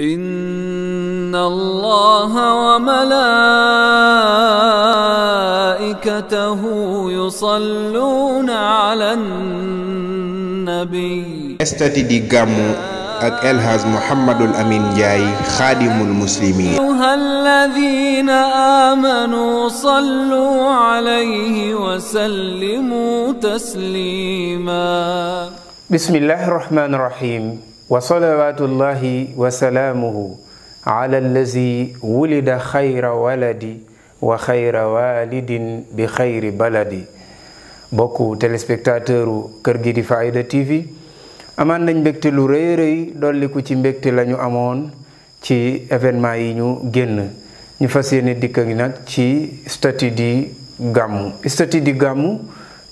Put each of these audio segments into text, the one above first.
إن الله وملائكته يصلون على النبي estati di gàmmu ak El Hadj Mouhamadul Amine Ndiaye xaadimul muslimiin الذين آمنوا صلوا عليه وسلموا تسليما بسم الله الرحمن الرحيم wa salawaatullahi wa salaamuhu ala allazi wulida xayra waladi wa xayra walidin bi xayri baladi bokku téléspectateuru kër gi di Faaida TV amaan nañ mbégte lu rëy rëy dolliku ci mbégte lañu amoon ci événement yi ñu génn ñu fas yéene dikk ngi nag ci statut di gàmmu statut di gàmmu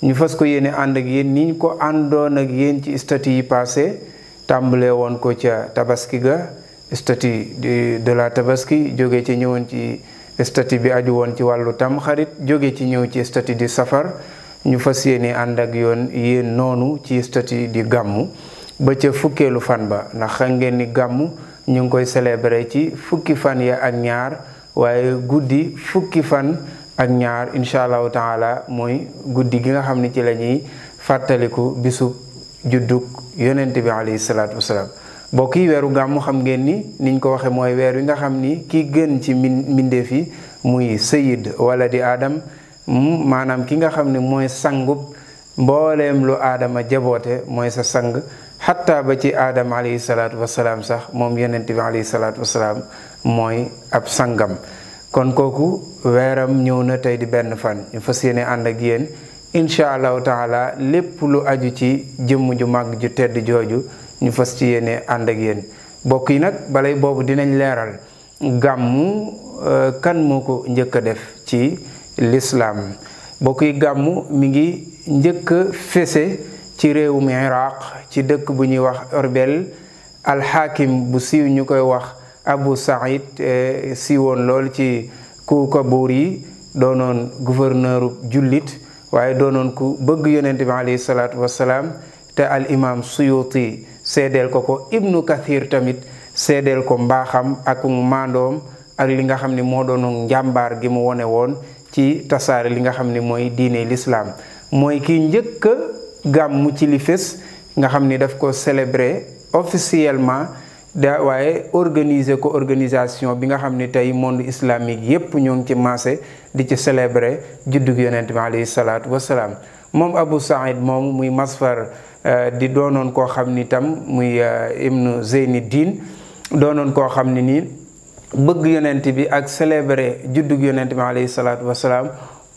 ñu fas ko yéene ànd ak yéen ni ko àndoon ak yéen ci statut yi passé tàmbalee woon ko ca tabaski ga statut de la tabaski jóge ci ñëwoon ci statut bi aju woon ci wàllu tam xarit jóge ci ñëw ci statut di safar ñu fas yéene ànd ak yoon yéen noonu ci statut di gàmmu ba ca fukkeelu fan ba ndax xam ngeen ni gàmmu ñu ngi koy célébrer ci fukki fan ya ak ñaar waaye guddi fukki fan ak ñaar incha allahu taala mooy guddi gi nga xam ne ci la ñuy fàttaliku bisub juddug yonent bi alayhi salaatu wasalaam mbokk yi weeru gàmmu xam ngeen ni niñ ko waxee mooy weer wi nga xam ni ki gën ci min mbindeef yi muy sayid walla di aadam maanaam ki nga xam ni mooy sangub mboolem lu aadama jaboote mooy sa sang xatta ba ci aadam alayhi salaatu wasalaam sax moom yonent bi alayhi salaatu wasalaam mooy ab sangam kon kooku weeram ñëw na tey di benn fan ñu fas yéene ànd ak yéen incha allahu taala lépp lu aju ci jëmm ju màgg ju tedd jooju ñu fas ci yéene ànd ak yéen mbokk yi nag balay boobu dinañ leeral gàmmu euh, kan moo ko njëkk a def ci lislaam mbokk yi gàmmu mi ngi njëkk a ci réewum iraq ci dëkk bu ñuy wax Orbel alxaakim bu siiw ñu koy wax Abu Saïd siiwoon lool ci Koukabour yi doonoon gouverneuru jullit waaye doonoon ku bëgg yonent bi alayhi salaatu wasalaam te al imam suyuti seedeel ko ko ibnu kathir tamit seedeel ko mbaaxam ak maandoom ak li nga xam ni moo doonu njàmbaar gi mu wone woon ci tasaare li nga xam ni mooy diine lislaam mooy ki njëkk a gàmmu ci li fis nga xam ni daf ko célébrer officiellement da waaye organiser ko organisation bi nga xam ni tey monde islamique yépp ñoo ngi ci maase di ci célébrer juddug yonent bi alayhi salaatu salaam moom Abu Saïd moom muy Masfar euh, di doonoon koo xam ni tam muy euh, ibnu Zeyni Diin doonoon koo xam ni nii bëgg yonent bi ak célébrer juddu yonent bi alayhi salaatu wasalaam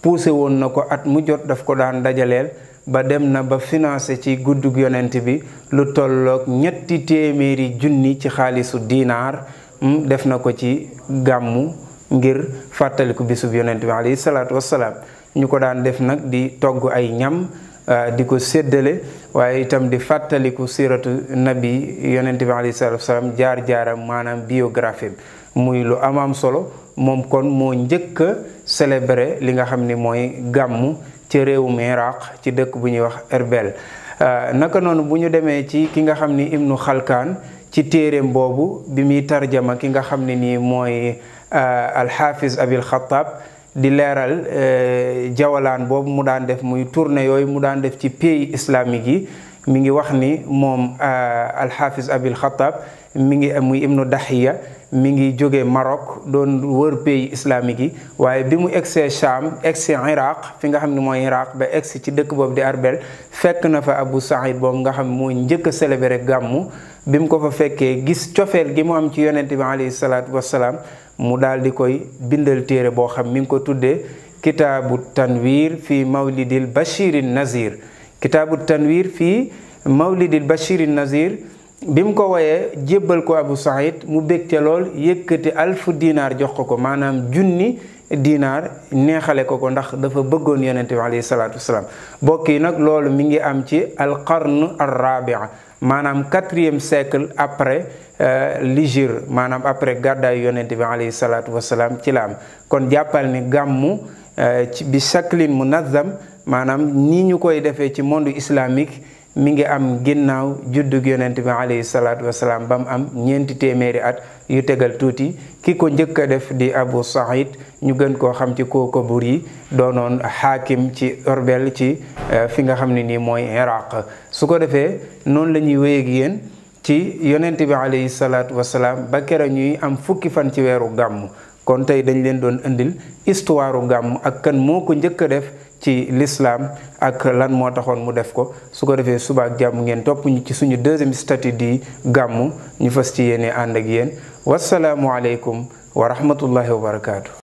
poussé woon na ko at mu jot daf ko daan dajaleel ba dem na ba financé ci guddug yonent bi lu tollook ñetti téeméeri junni ci xaalisu diinaar hmm, def na ko ci gàmmu ngir fàttaliku bisub yonent bi alayhi salaatu wassalaam ñu ko daan def nag di togg ay ñam euh, di ko séddale waaye itam di fàttaliku siratu nabi yonent bi alayhi salaatu wassalaam jaar-jaaram maanaam biographie muy lu amaam solo moom kon moo njëkk a célébrer li nga xam ni mooy gàmmu ci réewum Iraq ci dëkk bu ñuy wax Erbel euh, naka noonu bu ñu demee ci ki nga xam ni Ibnu Xalkaan ci téereem boobu bi muy tarjama ki nga xam ne nii mooy euh, alxaafis Abil Xattaab di leeral euh, jawalaan boobu mu daan def muy tournée yooyu mu daan def ci pays islamique yi mi ngi wax ni moom alxaafis Abil Xattaab mi ngi muy ibnu daxiya mi ngi jóge Maroc doon wër pays islamique yi waaye bi mu egsee Cham egsee Iraq fi nga xam ne mooy Iraq ba egsi ci dëkk boobu di Arbel fekk na fa Abu Saïd boobu nga xam mooy njëkk a célébré gàmmu bi mu ko fa fekkee gis cofeel gi mu am ci yonent bi alayhi salaatu wassalaam mu daal di koy bindal téere boo xam mi ngi ko tuddee kitaabu tanwir fii mawlidil bashiri nazir kitaabu tanwir fii mawlidil bashiri nazir bi mu ko woyee jébbal ko Abu Saïd mu bégte lool yëkkati alfu dinaar jox ko ko maanaam junni dinaar neexale ko ko ndax dafa bëggoon yonent bi alayhi salaatu wasalaam bokk yi nag loolu mi ngi am ci alqarn arrabia maanaam quatrième siècle après euh, l'hégire maanaam après gàddaayu yonent bi alayhi salaatu wasalaam ci la am kon jàppal ni gàmmu euh, ci bi shaklin munazzam maanaam ni ñu koy defee ci monde islamique mi ngi am ginnaaw juddug yonent bi alayhi salaatu wasalaam ba mu am ñeenti téeméeri at yu tegal tuuti ki ko njëkk a def di Abu Saïd ñu gën koo xam ci ko buur yi doonoon xaakim ci orbel ci euh, fi nga xam ne nii mooy Iraq su ko defee noonu la ñuy wéy yéen ci yonent bi alayhi salaatu wasalaam ba kera ñuy am fukki fan ci weeru gàmmu kon tey dañ leen doon indil histoire gàmm ak kan moo ko njëkk a def ci lislaam ak lan moo taxoon mu def ko su ko defee suba ak jàmm ngeen topp ñu ci suñu deuxième statut di gàmmu ñu fas ci yéene ànd ak yéen wasalaamualeykum wa rahmatullahi wa barakaatu.